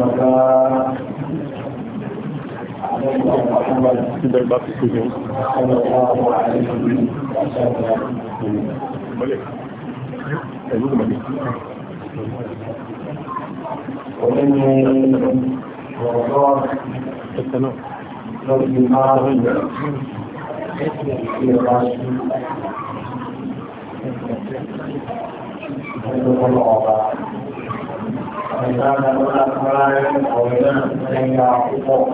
وبارك Thank you. وإنسان ولا كمان وإنسان من يعقوب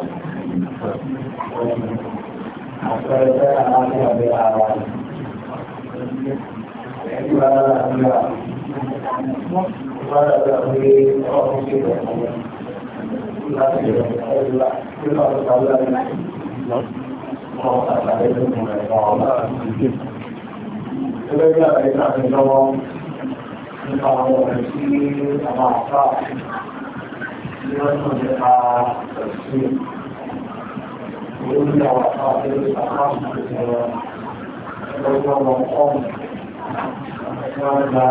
أكثرت أمامها بالأعوان ولا أملاك ولا تأويل أو مصيبة لا تجد إلا كل أرض الله ဒီလိုကြတဲ့အခါကျတော့ nípa àwọn ọ̀rẹ́ tí àwọn àfà tí wọ́n tún nípa ẹ̀sìn olórí àwọn àfà tí àfà ti sọ̀rọ̀ lọ́jọ́ wọn ọ̀hún tí wọ́n gba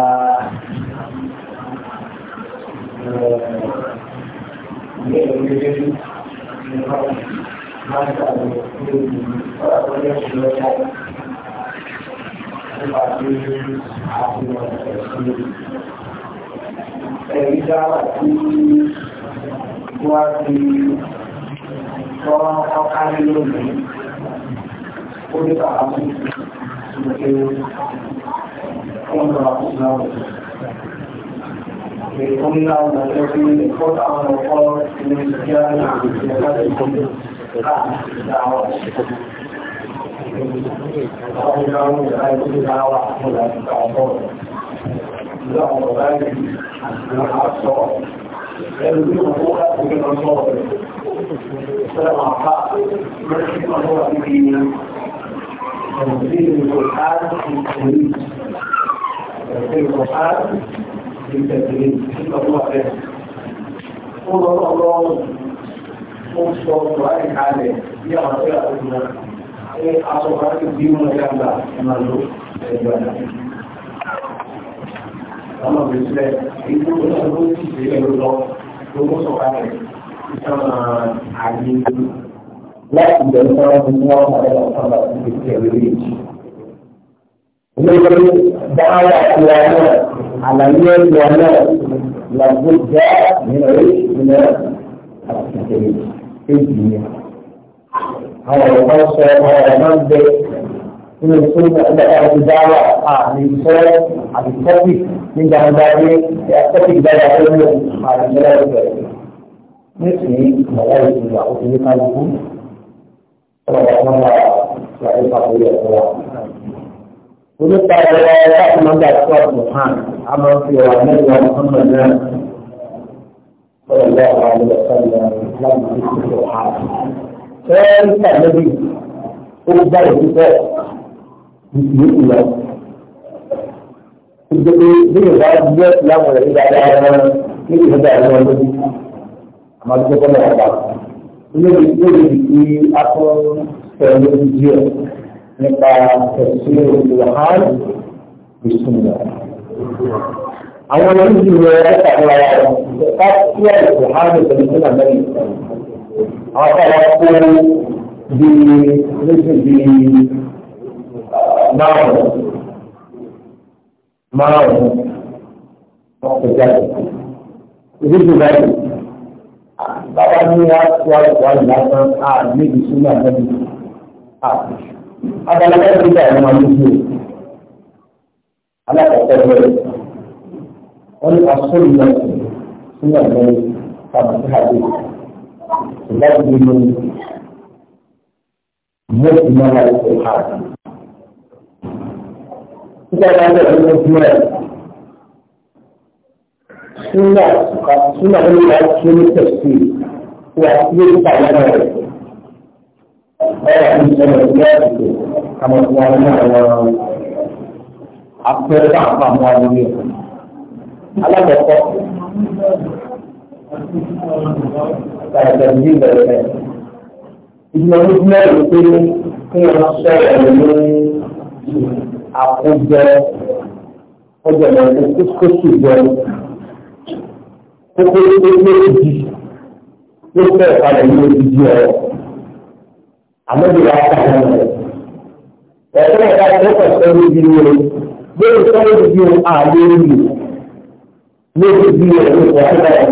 ilé ìwé nípa láti àwọn ìwé ìwé ìwé nípa tí àfihàn ẹ̀sìn ẹ̀rí dáwà tí wọ́n ti tọ́ ọkárí lónìí ó ní bàbá mú ìpè ọmọ àkùnláwọ̀ Èkó ńlá ọ̀nà ẹgbẹ́ ẹ̀kọ́ àwọn ọ̀pọ̀ ilé ìjẹ́ àwọn ìjẹ́ láti kọ́ 然后让未来最佳化出来搞后，让我们给他说，也是用我来给他说的，在哪怕没听到我的声音，我们有安心，有安心的听到我的，不能让我，不说不爱看的，要这样子。pé aṣọ kàákì bí mọ́ ẹgbàgbà ẹmà ló ẹgbàgbà ọmọ ìrìnlẹ̀ ìgbó ọjọ́ ti ṣe ẹ̀rọ lọ gbogbo sọ̀kalẹ̀ ìtàmà àyè láti ìbẹ̀rẹ̀ sọ́rọ̀ ní wọ́n pàdé ọ̀sán bá ti fi ẹ̀rọ lè jì. Olóògbé dáhàrà ìwà náà, àlàyé ìwà náà, làgbó jẹ́ nínú orí ìpínlẹ̀ àti ìṣẹ̀lẹ̀ èjì ni. على القصة على المنبر من السنة إلى الدعوة على الإنسان على الكتاب من جهة ذلك يأتفق بلا على الملائكة مثل ملائكة يعود لقلبه ورحمة وعيسى في الأسواق ونبقى روايات من الأسواق سبحانه عمل في وعمل محمد صلى الله عليه وسلم لم يكن سبحانه fẹ́ẹ́ nípa lẹ́bí ó bá ìlú pọ̀ ìlú ìlọ. Ìgbésẹ̀ bí ìgbà gbé láwọn rẹ̀ nígbà dára wọn ní ìgbà dára wọn lójú. Àmọ́ tó kọ́ náà wà. Olórí olórí ti akọ́ sọ̀rọ̀ lórí díẹ̀ nípa ẹ̀sìn ìwàhán ìsúnmọ̀. Àwọn ọmọ yìí ni wọ́n ń ṣàkóso ara wọn. Ká kí ẹ̀sìn ìwàhán ìsúnmọ̀ náà mẹ́rin àwọn ọ̀pọ̀lọpọ̀ kó bí méjì bí uh, márùn-ún márùn-ún wọn kò jáde ìdí tó báyìí bàbá ní wá sí àwùjọ àlùlásán á níbi súnmọ́ àbẹ́bí á abalẹ̀ ẹ̀rí dà ẹ̀rọ máa ń lójú alákọ̀ọ́kọ́ bẹ́ẹ̀ wọ́n ní asọ́nù náà súnmọ́ àbẹ́bí tàbí àbẹ́bí. لازم مجمل الإلحاد إذا كان المجمل سنة سنة علم سنة التفسير وأسئلة تعلمات أنا أحب أن كما تعلمنا أكثر بعض أموالهم على بطاقة não àtàlùjì bẹ̀rẹ̀ bẹ̀rẹ̀. Ìgbìmọ̀ ní mẹ́rin pé kí wọ́n sọ̀rọ̀ eu àkójọ ọjọ́ ìrìn kókó ìjọ kókó ìjọ eu tó fẹ́ padà ní ìdí ọ̀rọ̀. Àmọ́ ìdí wa kà ní ọ̀rọ̀. Ẹ̀sọ́ ẹ̀ka tó eu sọ́rọ̀ ìdí rẹ̀ lórí sọ́rọ̀ ìdí rẹ̀ àlè rẹ̀ lórí ìdí rẹ̀ lórí ìdí rẹ̀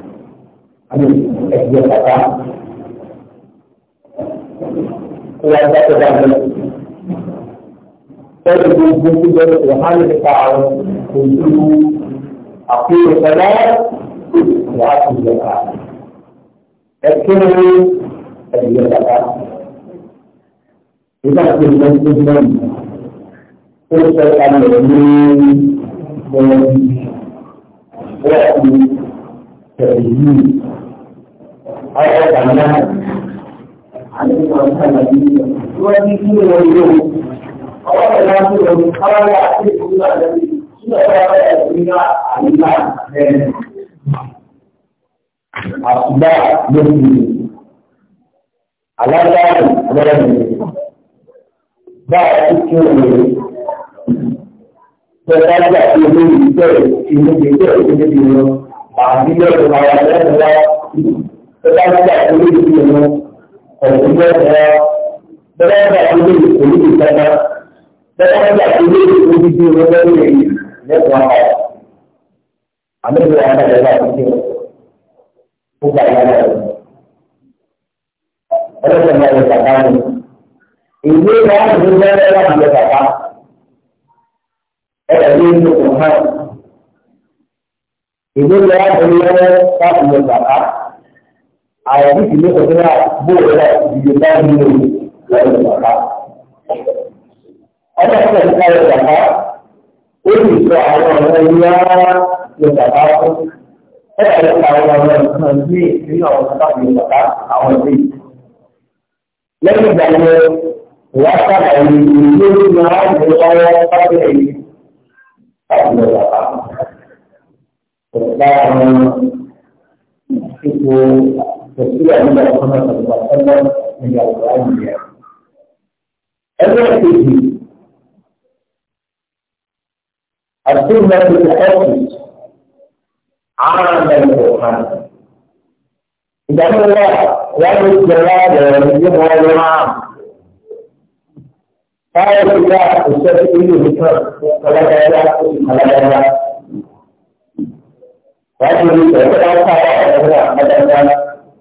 Ini SD kata Kuasa kebangan Saya berbunyi dari Tuhan yang tahu Untuk Aku berkata Tuhan yang tahu Ekin ini SD kata Kita berbunyi dengan Kursaikan dengan Dengan Dengan Dengan ayat Allah alaihi wasallam dua sisi wajib Allah telah turun kalau ada aksi pula dari sudah ada dunia alimah dan asbab berdiri Allah tahu ada ini baik itu Tetapi ini itu, ini itu, ini itu, bahagi dari bahaya adalah tetapi tidak boleh dikenal dan tidak boleh dikenal dan tidak boleh dikenal dan tidak boleh dikenal ini adalah hal anda juga akan jalan kecil bukan yang lain pada semua yang saya ini ini adalah dunia dalam dunia saya ada ini untuk Tuhan ini adalah dunia dalam dunia saya àyàfi kìí lókè tó náà bóòlù náà ìdíje náà ní ìlú lẹ́yìn ìgbàká. ọjọ́ ìpínlẹ̀ nípa ìgbàká ó sì sọ àwọn ọ̀rọ̀ ìyá ìgbàká fún ẹ̀rọ ìgbàká àwọn ọ̀rọ̀ nǹkan ní ìpínlẹ̀ ọ̀rọ̀ ìgbàká ìgbàká àwọn ìdí. lẹ́yìn ìgbà yẹn ìyá sábà ìlú ló ń máa ń yìí láti lọ ìgbàká. ìgbà تسير من الله صلى الله عليه وسلم من القرآن الكريم الوحيد السنة تتحدث عن القرآن إذا الله وجه الجلال ويجيبها الإمام قال الله استشهدوا بكر فلا داعي فلا داعي وأجل الجلال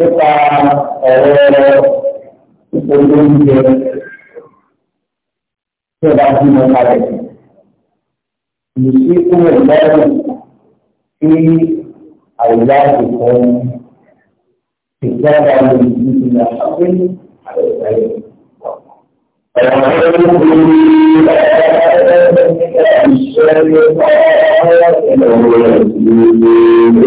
nípa ọ̀rọ̀ ìpolówó oúnjẹ tí ó bá bí mo kalẹ̀. kúrò lọ́rùn sí àyíká ìfọ̀n ìjọba lórí ìdílé àgbẹ̀ àgbẹ̀. Ọ̀rọ̀ tó ń bí ẹ̀ẹ́dẹ́gbẹ̀rún ìṣẹ́lẹ̀ ọ̀rọ̀ ìlọ́wọ́ ìlú.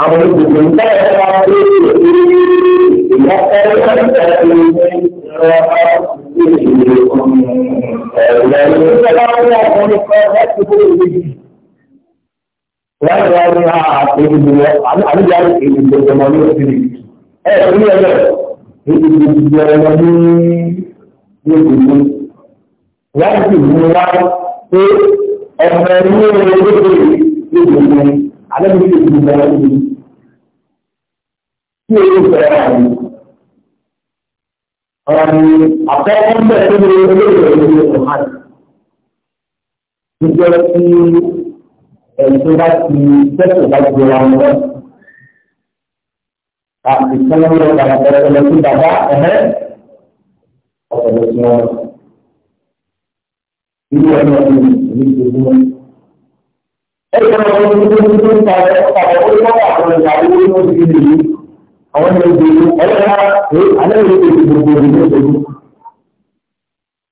àwọn olùdókòwò ń bá ẹ̀ wá pé ìyá ẹ̀rọ ẹ̀rọ Láti wá ní àpèjì lọ, àníjà èdè ìjọba ní òsìrì. Ẹ ní ẹgbẹ́ èdè ìjọba ní ìgbìmọ̀. Láti mú wá pé ọmọ ẹni ní ọjọ́ ìgbìmọ̀ alábìrì tó ti bẹ̀rẹ̀ ní kí o bẹ̀rẹ̀ àmì. ọ̀rọ̀ ni àkọ́kọ́ bẹ̀rẹ̀ tó ní olóògbé ìlú ọ̀hán. Níjọ́ tí ẹ̀sùn bá ti tẹ́sùn bá ti wà lọ. Àti sọ́nà lọ bàbá bẹ̀rẹ̀ lọ sí bàbá ẹ̀hẹ́ ọ̀pọ̀lọpọ̀ wọn. Ilé ọ̀nà ọ̀hún ìlú ìlú wọn. ẹgbẹ́ ọmọ tó ń tó ń ta ẹ̀ ọ̀pọ̀ ó lọ́ wà fún ìgbà tó ń lọ́ọ́ sí ìlú àwọn ẹgbẹ́ ìlú ẹlẹ́ra ẹ̀ alẹ́ ìlú èdè gbogbo ìlú ìlú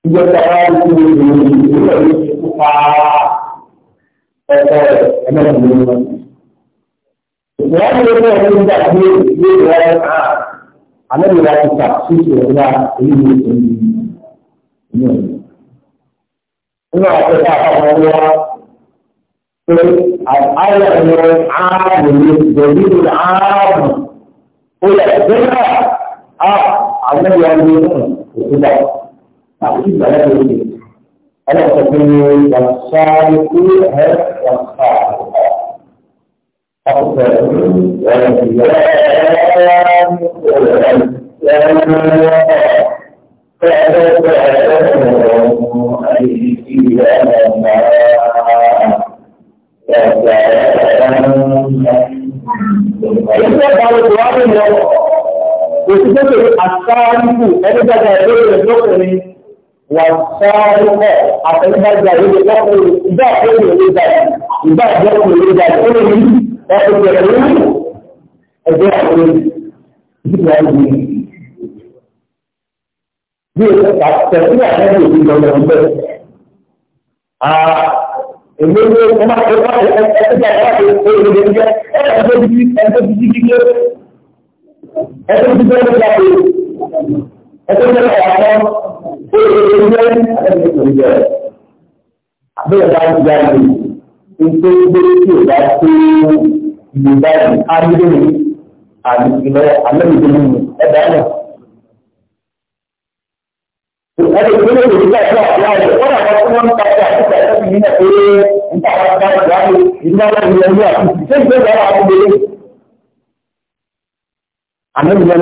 ìjọba ara ti ń lò ní ìlú ẹ̀rí tó pa ẹ̀kọ́ ẹ̀mẹ́rin ìlú الأمر عام الدليل العام ولا كده اه عمال يعملون وكده تعقيد بلاد ايه انا تكون والصالح هذا والصالح أفضل ولا Ìjọba àwọn ìwádìí lọ, kò sí tó tèrè àṣáájú ẹgbẹ́gbẹ́gbẹ́ ìlú lókùnrin wà sáájú mọ́ àtẹnudájà ìlú lọ́kùnrin ìgbà àkókò ìlú jáde ìgbà àjọkùn ìlú jáde ó lè ní ọkùn ìjọba ìlú ẹgbẹ́ àkókò ìjọba ìlú. Bí o tẹ̀síwájú ìlú lọ́wọ́ ìgbẹ́ èmi ló ń bá ẹgbẹ́ ẹgbẹ́ ẹgbẹ́ olùdó ti jẹ ẹgbẹ́ ti ti ẹgbẹ́ ti ti kíkẹ́ ẹgbẹ́ ti ti ẹgbẹ́ ti ẹgbẹ́ ti ẹgbẹ́ àtọ́ olùdó ti jẹ ẹgbẹ́ ti ti jẹ àbẹ̀yẹ̀ bá ti jáde nítorí pé tí o bá tó ìlú báyìí á nílò ní àlùfẹ́ àlẹ́ ìdílé ẹ̀dá náà. Ada juga juga ya, orang orang yang baca kita tapi ini nak eh, entah apa apa jadi, ini lah dia dia. Jadi dia dah aku beli. Anda juga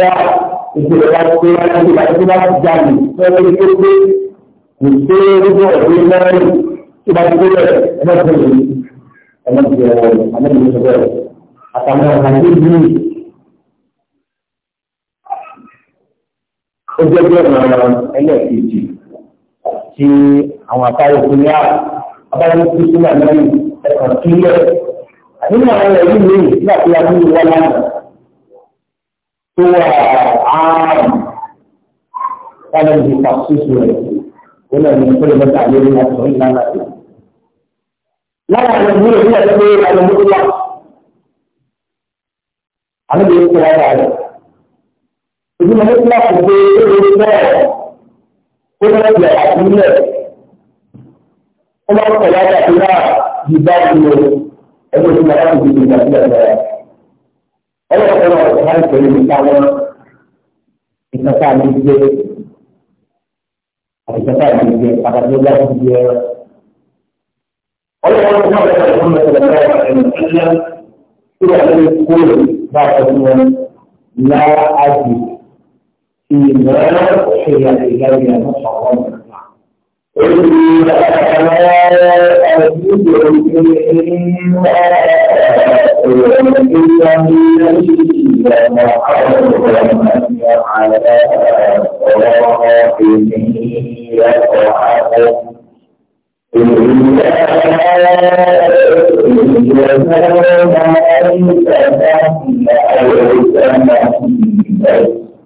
itu adalah kita nanti baca kita jadi. Saya beli itu, itu itu dia kita juga ada ó jẹ́ bí ọ̀nà ẹlẹ́ẹ̀kejì tí àwọn àtàwọn òkú ní abáyé kú sí náà lẹ́yìn ẹ̀kan kílẹ̀ nínú àwọn ẹ̀rí mi nígbà tí a nílò wá lánàá tó wà áàrùn kálẹ̀ ní ìfàkóso rẹ̀ ó náà ní ìpínlẹ̀ mẹ́ta lórí àtọ̀ ìlànà rẹ̀. lára àwọn ìwé ìwé ẹ̀rí pé àwọn ọmọdé wà. ìdí mo ní láti gbé orí náà ó lọ sí àtúnlẹ̀ ó máa ń pẹ̀lú àgbàdo náà di báyìí lọ ẹgbẹ́ tó máa ń fi ìgbà sílẹ̀ lọ́wọ́. ọlọ́run kan náà wọ́n ń pẹ̀lú nípa wọn ìtọ́ta mi gbé àtìtọ́ta mi gbé àtàkùn ọjà mi gbé ẹ̀rọ. ọlọ́run kan náà wọ́n ń pẹ̀lú nípa wọn ìtọ́ta mi gbé àtàkùn ọjà mi gbé ẹ̀rọ. فيما أحيى إلي محرما قل لا أجد إلا إلا محرما على قرائنه يطعمه إلا إذا ما أنت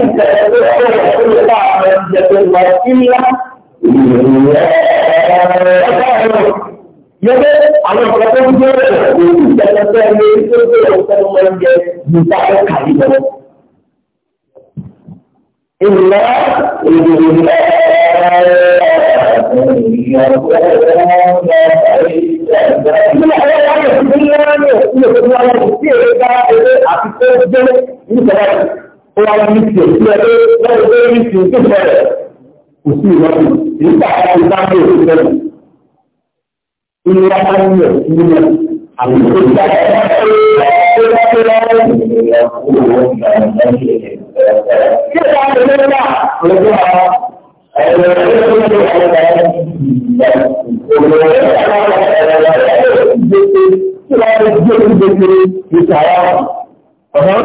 Yẹ́dẹ́ àwọn ìpàtẹ́ ń jẹ́ òkú ìjẹ́lẹ́fẹ́ ní tó jẹ́ òkú mọ́ ń jẹ ìgbà ẹ̀kà ìjọ. Ìlọ́ ìrìnlẹ̀ ẹ̀rọ ìjọba ìjọba ìjọba ó wá ní ti òsì ẹ pé lẹ́yìn pé ní ti òsì fẹ́rẹ̀ kò sí ìrọ́bù èyí tà á ti dáhùn òsì fẹ́rẹ̀. Ilé wa máa ń yẹ̀ sí ilé àwọn ìgbésí ayé ọ̀rọ̀ tó bá tó lọ́wọ́. Kí ni àwọn ìlú náà lọ́jọ́ àwọn ẹ̀rọ tó ń lò àwọn ọ̀rọ̀ òwò ẹ̀rọ ìgbésí tí wọ́n ti gbé ìgbésí ìtàwọn ọ̀hún.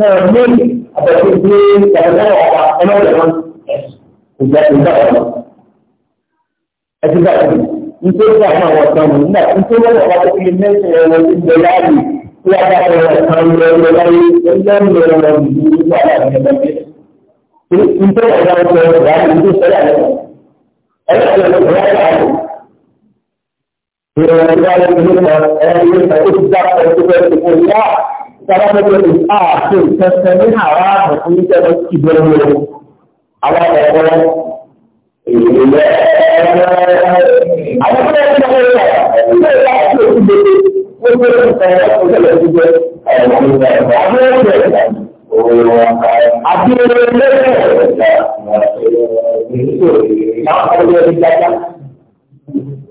náà ní àbẹ̀tí pé ìtàgẹ́tàwọ̀ ọ̀pá ọlọ́rẹ̀ wọn ìjà ìjà ọ̀rọ̀. ẹ ti bá yìí nítorí pé àwọn àwọn ọ̀sán mi nígbà tí tó wọ́n wà tó fi mẹ́sàn-án ẹ̀rọ ti gbẹ láàyè tí wọ́n bá ẹ̀rọ kan lọ lọ láyé ẹgbẹ́ ń lọ lọ nìyí nígbà láàrin ẹgbẹ́ nítorí ọ̀gá ọ̀gá ọ̀gá ìlú sọ́yà lẹ́nu ẹ̀rọ ọ̀gá ọ̀gá ìlú sọ́yà lẹ́nu sábàbí pé ààfin ìtẹ̀sẹ̀ ní àwọn ààbò fún ìjọba ìbẹ̀rẹ̀ wọn àwọn ọ̀pọ̀ ìrìnlẹ̀ àwọn ọmọdé ń bọ̀ lọ́wọ́ ilé ìlànà ìgbé wọ́n gbé ìtẹ̀sẹ̀ ìjọba ìgbé àwọn ọmọdé àti ilé ilé ìgbé Ìgbésẹ̀ ìgbésẹ̀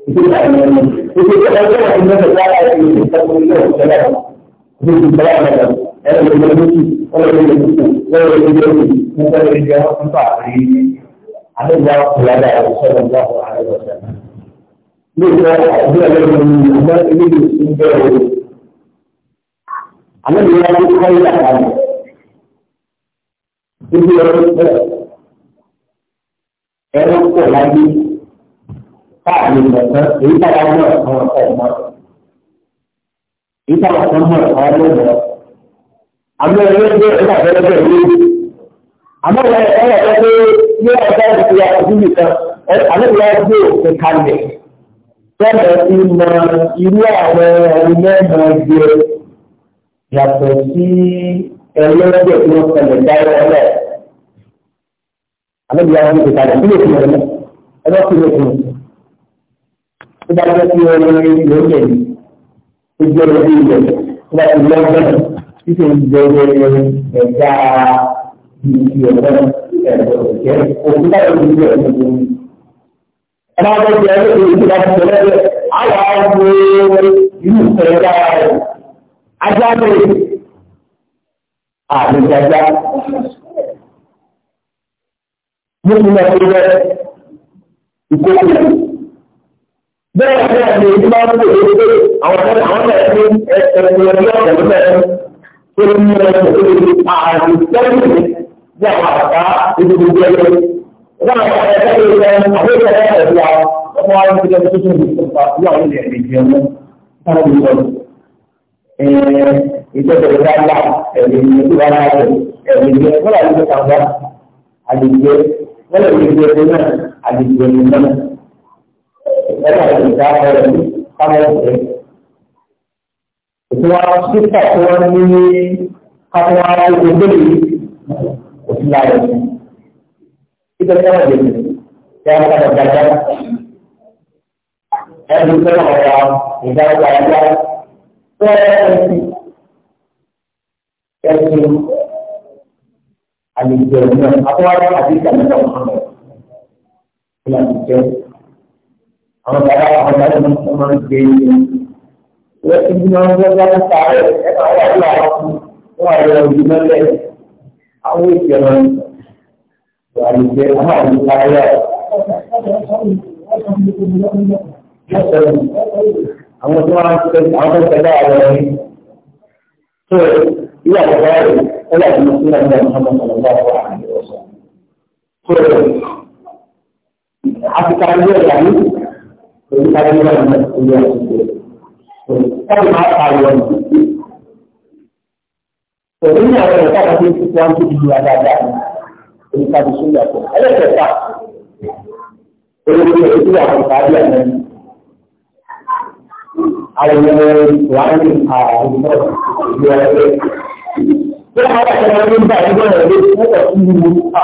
ìgbésẹ̀ ìgbésẹ̀ ìgbésẹ̀ ìgbésẹ̀ ìgbésẹ̀ Jadi saya ada, ada yang berhenti, ada yang berhenti, ada yang berhenti, bukan dari jawab empat ini. Ada jawab berada Rasulullah Alaihi Wasallam. Ini dia ada yang menunjukkan ini di sumber. Anda bilang itu kailah kan? Itu yang Erok lagi tak dimaksud, kita lagi orang orang ìtàwọn kan mọ̀ ẹ̀kọ́ lọ́wọ́. Àmọ́ ẹ̀rọ ń gbé ẹ̀ka fẹ́lẹ́fẹ́ ìlú. Àmọ́ ẹ̀rọ ẹ̀rọ ẹ̀rọ pé ní ọ̀gá ìdìbò ya ọdún nìkan, àlejò ya gbé òkè kalẹ̀. Bẹ́ẹ̀ ti mọ irú àwọn ẹni mẹ́rin jẹ yàtọ̀ sí ẹlẹ́gbẹ̀ẹ́ tí wọ́n kọlẹ̀ dáwọ́ ọlẹ̀. Àlejò ya gbé òkè kalẹ̀ kí ló fi ọ̀rẹ́ ẹ̀rọ kí ló fi ọ̀rẹ́ ó jẹ́ orí ilẹ̀ tó bá ti lọ́gbọ̀n tí kò ń jẹ́ orí ẹ̀dá ìdí ọ̀gbọ́n ẹ̀dọ̀jẹ́ òkúta ìlú ìlú ẹ̀dọ̀ ìlú. ọmọ ọgbọ́n ti ẹgbẹ́ ìlú ìlú láti tẹ̀lé ẹ̀ àwọn ọmọ ìlú ìfẹ́ dára rẹ̀ ajá lè àdìjájá. mo ti lọ sí ilé ìkókò bẹ́ẹ̀ bẹ́ẹ̀ ni ìdí máa ń pè é pé àwọn ọ̀rẹ́ àwọn ọ̀rẹ́ ní ẹ̀ẹ́dẹ̀gbẹ̀rún ọ̀rẹ́ ọ̀rẹ́ mẹ́rin tó ń mú ẹ̀sùn tó lè ààrùn tẹ́lifí ní àwọn àbàtà ibi gbogbo ẹ̀rọ. Ìdáhùn àwọn ẹ̀ẹ́dẹ́ ló rẹ àwọn ìṣẹ̀lẹ̀ ẹ̀rọ wa ọmọ wa ń fi ẹni tuntun ní ìfọ̀npa sí àwọn ilẹ̀ èdè ọmọ táwọn ìlú ọ̀rọ̀. Ìjọba ìgbà ńlá ẹ̀mí ni ó wà láàyè ẹ̀mí ni wọ́n làwọn ìgbà àgbà àlejò wọ́n lè fi ẹgbẹ́ náà àlejò ẹ̀mí náà. mereka berbicara dari kamu ini. Semua sifat Tuhan ini Kata Allah itu beri Bismillah Kita tidak ada ini Saya akan berkata Saya juga tidak ada Kita ada yang ada Saya ada yang ada Saya ada yang ada Ali Jerman, apa ada hadis yang ada Muhammad? Selanjutnya, àwọn bàbá àwọn bàbá tó ń máa ń gbé ní wọ́n ti bí wọ́n gbọ́ bá ń sáré ẹ̀ka wà ní àwọn wọn àyè òbí mọ́lẹ̀ àwọn èsì ọ̀rọ̀ wà ní pé wọ́n àyè sáré àwọn tí wọ́n á ṣe àwọn tó tẹ̀lé àwọn ẹni tó ilé àkọ́kọ́ rẹ̀ ó yà kí ló ń lọ sí ọmọ ọmọ ọmọ ọmọ àyè ọ̀sán. Áfíríkà ń gbé ìyàwó èyí kájú náà ní ilé àtúntò ẹni máa ta ìwọ nù. Òní ní àwọn ẹ̀ka kan tó ti fi wọn tóbi ìwà dáadáa ní èyí kájú sí ìyàpò. Ẹlẹ́kẹ̀ẹ́ta olórí èyí tó wà fún ìpàdé ẹ̀ lẹ́nu. Àwọn ọmọ ìwà ń rìn àwọn ọmọ ìwà ẹgbẹ́. Bí wọ́n bá tẹ̀lé ọdún bá ẹgbẹ́ rẹ̀ lé fún ọ̀sùn ìwò nípa,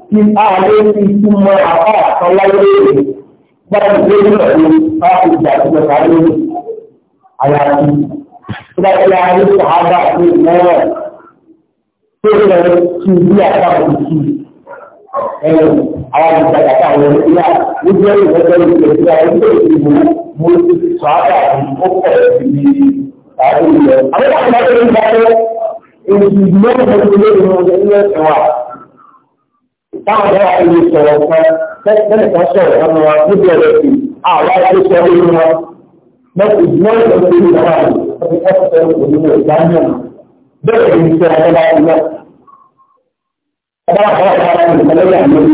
tí ààrẹ fi túmọ̀ àbá àtọ́láyé rẹ̀ gbọ́dọ̀ lórí pẹ̀lú báwo ìjà tó lọ́ta lórí àyàfi tó bá tẹ̀lé ààrẹ tó àbá àti ìmọ̀ràn tó lọ sí ibi àtàwọn ìtì ẹ̀rọ àwọn ìjà kàkà àwọn ìlà ó jẹ́ ìwọ́jọ́ ìgbésí àwọn ìgbésí ìbò mo ti sọ àbá àti ó pọ̀ sí i àwọn ìlọ. àwọn ìgbà tó ń bá tó èyí ìgbésí ìbò lórí ọjọ́ ìlú ẹ̀wà táwọn ọ̀dọ́ wa lè sọ̀rọ̀ kan tẹ́lẹ̀ kan sọ̀rọ̀ kan wọn níbi ọ̀rẹ́ sí àwa tó sọ lórí wọn mẹ́tò ìdúná ìjọ tó lè wà ní ọdún ẹ̀fọ́ òní ìgbà náà bẹ́ẹ̀ ni sọ ọ̀dọ́ bá ti lọ. ọba àbá ọba ti ìtẹ́lẹ́yà lórí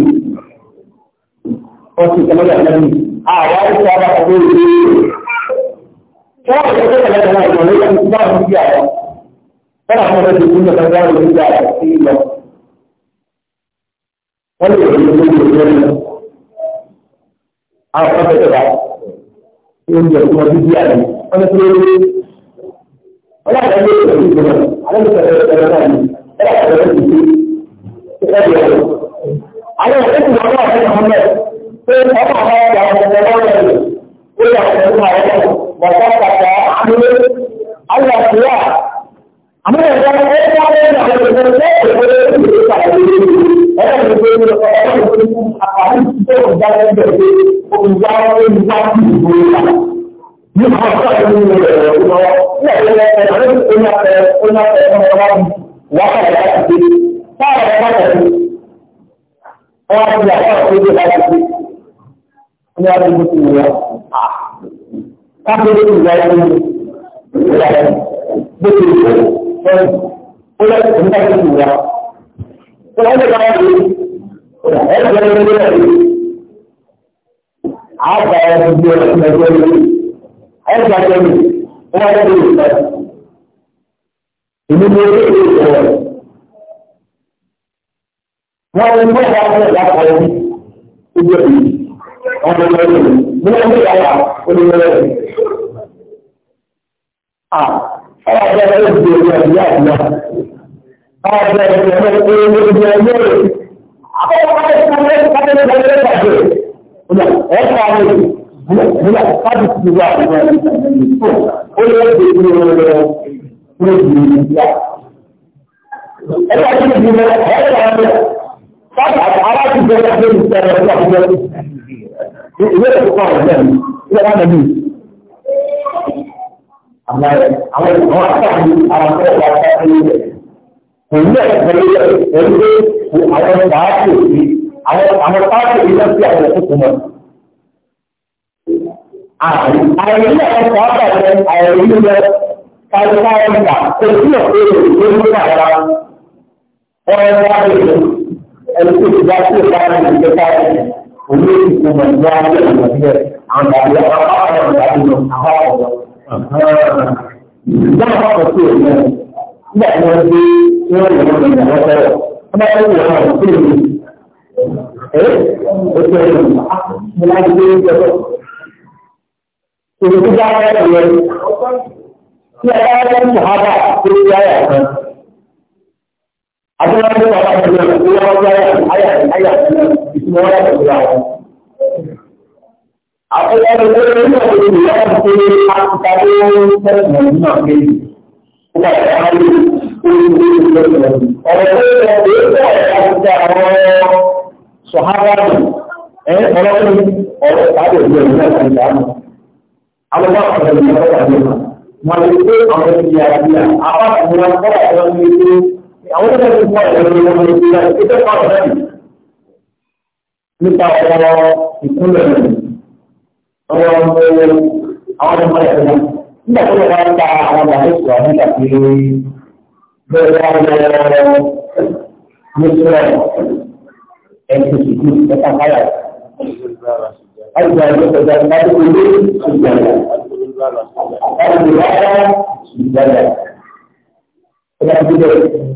ọtí ìtẹ́lẹ́yà lórí àwa tó sọ ọba tó lè wọ́n ti tẹ́lẹ̀ tẹ́lẹ̀ náà ìgbà lórí ìgbà lórí ìgbà lọ wọ́n lè rí oúnjẹ ìgbẹ́ lọ. Àwọn kan tẹ̀lé wa oúnjẹ tí wọ́n ti di àná wọ́n ti lé lórí. Wọ́n yà lọ lórí ìgbẹ́ ìgbẹ́ náà, àwọn ìgbẹ́ ìgbẹ́ ìgbẹ́ náà ni ẹ̀rọ ìgbẹ́ ìgbẹ́ ìgbẹ́ ìgbẹ́ ìgbẹ́ ìgbẹ́ ìgbẹ́ ìgbẹ́ ìgbẹ́ ìgbẹ́ ìgbẹ́ ìgbẹ́ ìgbẹ́ ìgbẹ́ ìgbẹ́ kéde ìgbà yẹn ìgbà yẹn bó ti rò ẹni ó lọ sí ìgbà yẹn ìgbà ó lọ sí ìgbà yẹn ìgbà ẹ lọ sí ìgbà yẹn àgbà yẹn ti gbé ọ̀sẹ̀ ẹgbẹ́ yẹn ẹ gbà yẹn ó wá lọ́dún ìgbà yẹn ìlú ní orí ìlú ìgbà yẹn wọ́n ń gbé ọ̀sẹ̀ ìgbà yẹn ìgbà yẹn ọmọ ọjọ́ ìyára olùwẹ̀ rẹ̀. À Bàbá àwa ti bẹ̀rẹ̀ pé ìṣẹ̀lẹ̀ tó àti bẹ̀rẹ̀. Ìwé ìlú kan rẹ̀ bẹ̀rẹ̀ ìwé wọn nàbí. Àwọn àwọn àwọn àtàkùn àwọn tó wà láti ilẹ̀. Òun náà pẹ̀lú ẹ̀rí pé àwọn pàápàá òbí àwọn àwọn pàápàá òbí náà sí àwọn ẹ̀kọ́ mọ̀. Àwọn ilé ẹ̀kọ́ pàápàá rẹ̀ àwọn ìlú rẹ̀ kájú káwọn ìgbà kò sí ọ̀pẹ̀ òbí ló ń bá ara. Ọ̀rọ̀ ẹ̀rọ ẹni tó ti dá sí ìpara ní ìgbé káyọ̀ òní mọ̀ ní wọn ní ọ̀nà bí ẹ̀ àwọn tàbí àwọn àwọn àwọn tàbí lọ àwọn ọ̀dọ́. Ìgbà wọn kọ̀ sí òní ẹ̀ nígbà tí wọ́n dé ní wọ́n lè wọ́n lè wọ́n fẹ́rẹ̀ wọ́n bá wọ́n lè wọ́n sí òní. Ẹ ó ti ẹ̀rọ mo máa ń gbé oúnjẹ lọ. Ìrètí bá wọn lè wọ́n tí ẹ bá wọn lè sọ̀hábà tó ti Asalnya itu apa saja, ulang saya, ayat, ayat, semua orang berulang. Apa yang berulang itu adalah seperti aku terima ini. Bukan hari Orang itu yang beda antara sahabat, eh orang ini orang tadi dia benar kan? Allah akan mengatakan, "Mari kita ambil dia apa semua orang itu Allah SWT yang memberikan kita pahala kita pahala dikulang Allah SWT awal yang mereka dengan kita perlu kata Allah SWT kita pilih berada Yusuf yang disini kita kaya Al-Jahil berjalan satu ini Al-Jahil Al-Jahil Al-Jahil Al-Jahil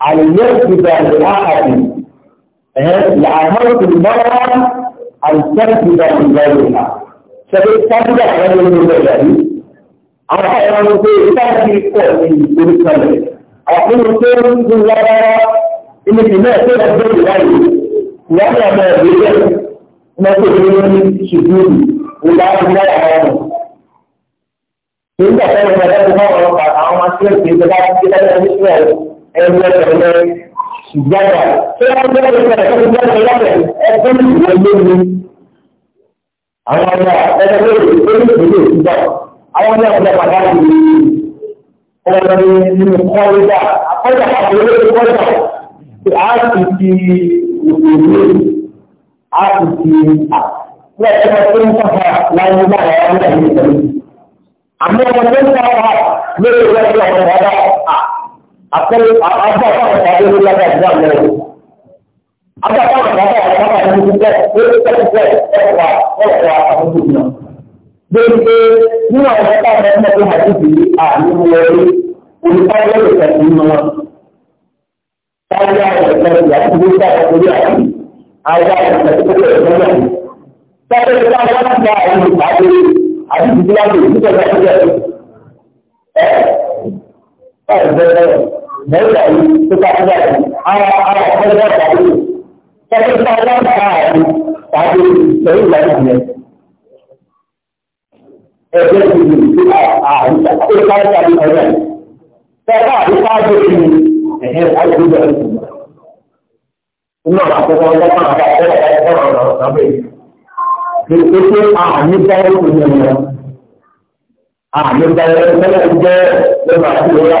على الاقتداء بأحد لأمرت المرأة أن تقتدى بغيرها فبالتالي غير المبالغ أنا أقول تأتي من كل سنة أقول كل مرة إن ما تقدر غيري وأنا ما بيجي ما تقدرني شديد ولا أقدر أعمل إذا كان هذا هو أعمال كثيرة كذا كذا ẹgbẹ́ ẹ̀rẹ́ ṣùgbọ́n tí wọ́n gbé ẹgbẹ́ ẹ̀rẹ́ tó gbé ẹgbẹ́ ẹ̀rẹ́ ẹgbẹ́ ìwé lórí àwọn ọmọ ẹgbẹ́ ìwé lórí ìgbà àwọn ọmọ ẹgbẹ́ pàtàkì ọmọ nínú kọ́rídà akọ́jà àwọn olóòtú kọ́rídà tí a ti fi òkèèrè a ti fi lẹ́ẹ̀kẹ́ tó ń sọ̀fà láyé láàrín àwọn ọmọ ẹgbẹ́ ìwé lórí àmọ́ ọmọ tó ń sọ̀fà lórí ìwé lórí ọmọ ọ̀dà akẹ́lẹ́ àbá àbá àbá ló lágbà ìdílé àmì ẹ̀rọ. Abá àbá àbá àbá àbá ló ti bẹ́ẹ̀ ló ti bẹ́ẹ̀ bẹ́ẹ̀ ẹ̀wà ẹ̀wà àkókò náà. Bẹ́ẹ̀ni pé nínú àwọn ọ̀gá àwọn ọmọ tó máa ti bìí àmì wọlé olùkọ́lé lè fẹ́ fún mi wọn. Táyà ẹ̀fẹ́ ìyá ti gbé sáà orí àti àyà ẹ̀fẹ́ tó kọ̀ ẹ̀fẹ́ náà. Táyà ẹ̀fẹ́ táwọn wá ti gba àwọn olùkọ́lé àti ìdílé àti ìdílé àti ìdílé àti ìdílé mereka itu tetap berada. Ayat-ayat mereka tadi. Tapi pada saat tadi, saya tidak ingat. Ejen ini, kita ahli, kita tadi ada. Kita ahli, kita ada ini. Ejen, saya juga ada. Cuma, aku tahu, saya tak ada, saya eh, eh, tak ada, saya tak ah, ada, itu ah nyebar punya ah nyebar punya juga lepas dia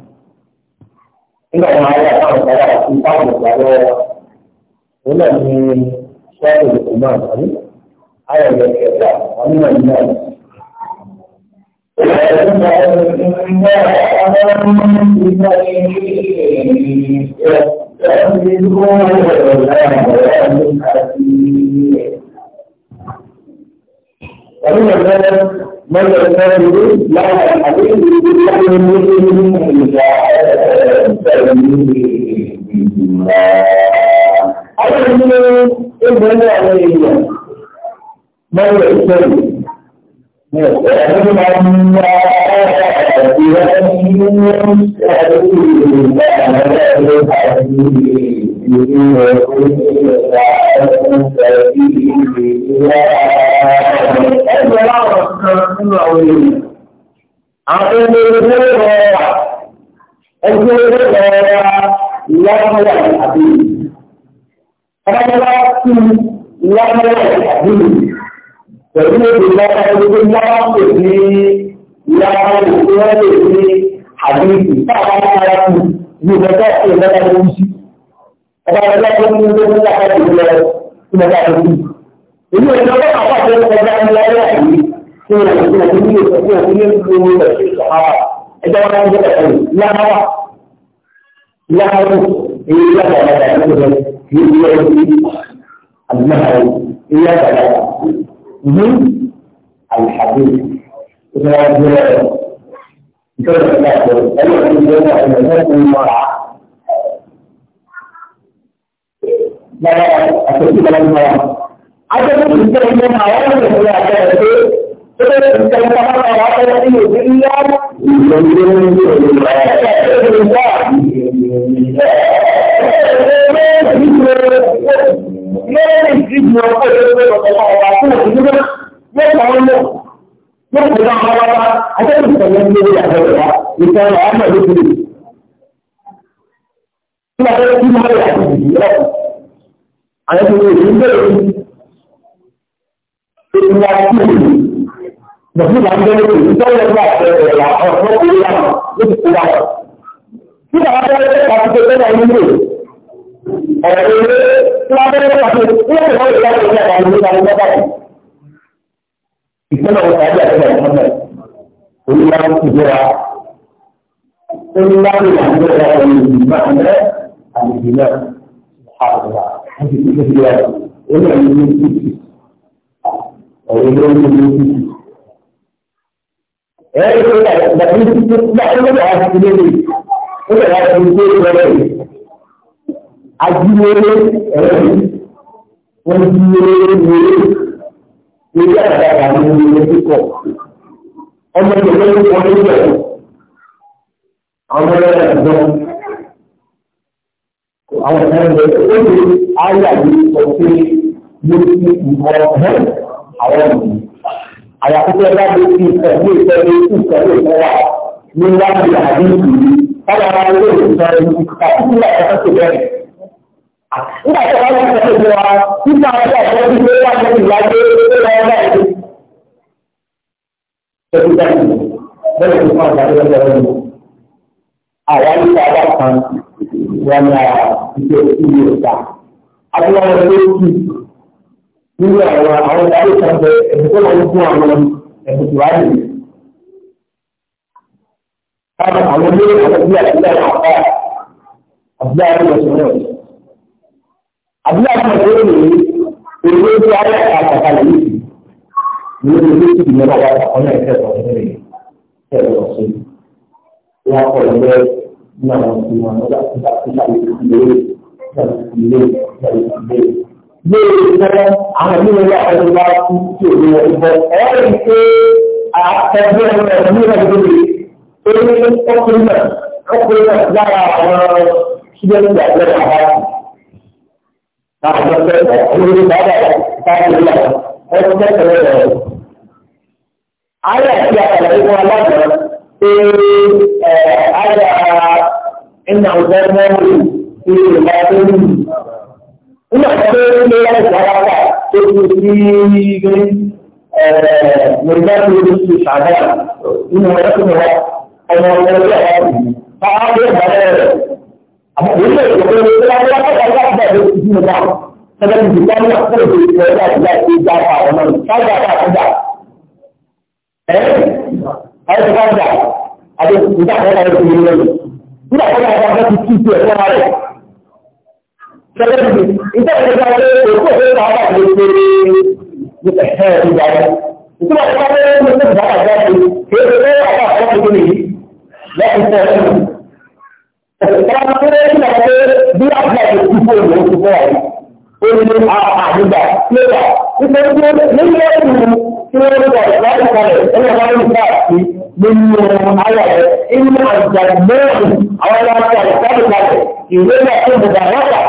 nígbà wọn ayé àtàwọn ìgbàlá àti táwọn ìgbàlá wọn wọn náà ní sọ́ọ̀tù ìlú náà àbí ayọ̀ lè kẹta wọn náà ní náà. Thank you. من يستمر لا يستمر بالله من إذا Thank you ẹgbẹ́ láwọn kan nínú àwọn èèyàn. Àwọn ẹgbẹ́ ìwé rọra ẹgbẹ́ ìwé rọra ìyáwọ́lá àbí ọlọ́lá sí ìyáwọ́lá àbí pẹ̀lú èdè lọ́wọ́ ẹgbẹ́ yáwọ́ pè ní ìyáwọ́ pè ní àbí ìtàwọn ará kù ní ìgbẹ́jọ́ pè lọ́wọ́ ẹgbẹ́ sí. Ọba ẹgbẹ́ tó ń gbé ní ìgbà èmi ò lọ bọ́ta wà tó ń kọjá ní ọwọ́ yìí tí wọ́n ti ní ìlú ìsọ̀kú òkú ní ìlú ìlú ìsọ̀kú sọ̀hárà ẹjọ́ wọn ń bọ́ta ẹ̀yìn lára lára èyí lára lára ìlú ìlú ìlú àdúgbò èyí lára lára ìlú àlùfàdé ìlú àdúgbò ìjọba ìlú àdúgbò ẹ̀yọ́ ìjọba ìlú àdúgbò ìlú mọ́ra. Lára àtẹ̀síkọ̀lá ń bọ̀ عدم التهمة عوامل العدالة Thank you ìwà ìwé lọ́sí ìwà ìwé lórí ìtọ́lẹ̀ ìwà ìwà ọ̀pọ̀ ìwà lórí ìwà rẹ̀. Tí bàbá bẹ́rẹ̀ tẹ́lẹ̀ pàtó tó tẹ́lẹ̀ ìlú ọ̀rọ̀ ilé orí ilé orí títì. Ẹ ẹ́ ṣe ìgbà ìgbà tí títí gbà tó lọ́dọ̀ wá sí lórí ó bẹ̀rẹ̀ láti fi ṣe ìrọ̀lẹ́ rẹ̀. Ajínigbé ẹ̀rọ yìí wọ́n ti yé wọlé lórí àgbàdàgbà ní orí ilé kíkọ̀. Ọmọ ìjọba ló kọ́ lórí àwọn ènìyàn. Àyàfi tí ẹ bá gbé sí ìfẹ́ ní ìfẹ́ ní ìfẹ́ ní ìfẹ́ wà ní láti àbí ìlú. Báwo ni wọ́n lè sọ ẹni tàbí nígbà tó fẹ́ tó bẹ̀rẹ̀? Nígbà tó wọ́n fẹ́ tó bẹ̀rẹ̀ wa, nígbà wọn bá ẹ̀fọ́ bí pé wọ́n ti wá dé pé wọ́n bá ẹ̀fọ́. Ṣẹ́bí dáhùn bẹ́ẹ̀ ni wọ́n bá ẹ̀fọ́ bẹ̀rẹ̀ wọn. Àwọn ìgbà wà kan wọn ni àwọn ìgbà nínú àwọn àwọn ìdájọ́ kan bẹ ẹ̀sùn tó lọ́wọ́ fún àwọn ẹ̀sùn tó wáyé rẹ̀. Àwọn àwọn ilé àtẹ̀sí àtẹ̀sí àwọn àpá àbúlá àwọn ẹ̀sùn náà. Àbúlá àwọn ẹ̀sùn náà ní èrò tí a yà ká àtàkà lẹ́yìn sí. Ní orí ilé tí ìyẹn wà ọ̀nà ìkẹ́kọ̀ọ́ ìrìn ẹ̀rọ sí. Wọ́n kọ̀ lọ́gbẹ́ ní àwọn ìgbìmọ̀ lórí ìfẹ́ àwọn ìlú wa ọdún bá kú sí òde wọn ìbọ̀ ọ̀rẹ́ ìfẹ́ àtẹ̀gbẹ́ ọ̀rẹ́ ní ọdún tó lè ó ní ọkùnrin náà ọkùnrin náà lára àwọn ṣíbẹ̀rù àgbẹ̀ bàbá àwọn ọ̀sẹ̀ olórí bàbá ìtàkùn ìlà ọ̀sẹ̀ tẹ̀lé rẹ̀. ayé àti àkàlẹ̀ ìwọ̀n alága ee ayé ìnà ọ̀sẹ̀ mọ́rin ìlú tó ń Nígbà tó ń lé ẹ̀sìn alága tó ti di Yorùbá tó ti di ṣàdá nínú ẹ̀sìn wa ọmọ ọmọ ẹgbẹ́ àwọn ọmọ àwọn ọmọ ẹgbẹ́ rẹ̀. Àwọn òṣèlú ìjọba ẹgbẹ́ tó wá wá kọ́kọ́ láti bá ẹgbẹ́ ìdí ìjọba. Sọ́dọ̀ ti di Gbọ́dọ̀ fún èdè ìjọba ẹgbẹ́ àti láti gba àwọn ọmọ rẹ̀. Sáyà bá ti gbà. Ẹ ẹ́ ti bá gbà. Àti ìgbà kan náà ti sẹlẹ̀bì ìjọba ìjọba pé òkú òfin ta ọba ìlú pé ní ẹ̀ẹ́ ìgbà rẹ̀. ìtura ìjọba pé ó ní ìjọba ìjọba pé kéé pé ọba àwọn ọmọdé nìyí lọ́kùn fún ọdún. ìjọba pé ó ní ọ̀pẹ bí àgbà tó kú fún òun ti fún ọ̀rọ̀. ó ní àgbà pléwà nípa ní ní ọdún tí wọ́n ń bọ̀ láti kalẹ̀ ẹ̀rọ bá ń bá àti nínú ayọ̀ rẹ̀ inú àjà mẹ́rin àwọn ọlọ́pàá ìpàdé kalẹ̀ ìwé náà tó bùbá wọ́pàá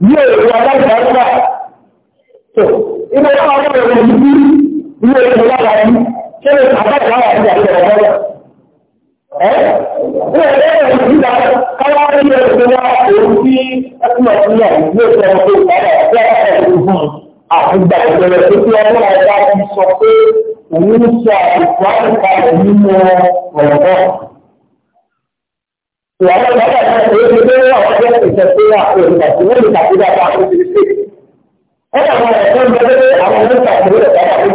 ní èrò aláìsàgbà tó ilé ọmọ ọmọ ẹ̀rọ ìdí ilé ẹ̀rọ lára yìí ṣé lè àbájá wà ní àti ọ̀rọ̀ ọ̀rọ̀ ẹ́ ilé ẹ̀rọ ìdí ìdíjà káwá ní ẹ̀rọ ìdíjà òun tí ẹkùn ọ̀sùn náà ní ẹ̀rọ ìdíjà òun tí ẹkùn ọ̀sùn náà àgbà ìbẹ̀rẹ̀ tó tí ọmọ ọ̀gá ti sọ pé òun ń sọ àtìkú àtìkú nínú ọ̀rọ̀ wàhálà wàhálà náà ṣe é ṣe wà ọjọ́ ìṣẹ̀ṣẹ̀ wà òǹtàkì wọ́n lè tàbí dáadáa ó ti wọ́n yà wọ́n ẹ̀fọ́ ń bẹ́ẹ̀ lé àwọn oníṣà ìṣòro ẹ̀dá àbí.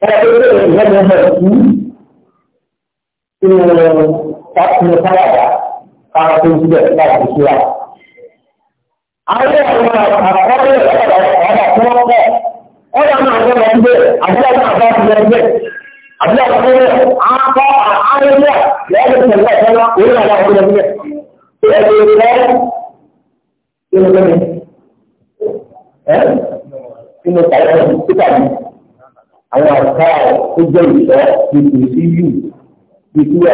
wọ́n yà wọ́n ń bẹ́ẹ̀ lé ìwọ̀n tàbí sáwàdà kára tó ń síbẹ̀ láti ṣe wà. àwọn àwọn àkọọ́lẹ̀ அப்படியே ஆப்பா ஆயிரம் வேகத்தில் நல்லா சொல்லலாம் ஒரு நாள் ஆகுது àwọn àgbà tó jẹ́ ìṣọ́ ìpè sí yù ìpè ọ̀gá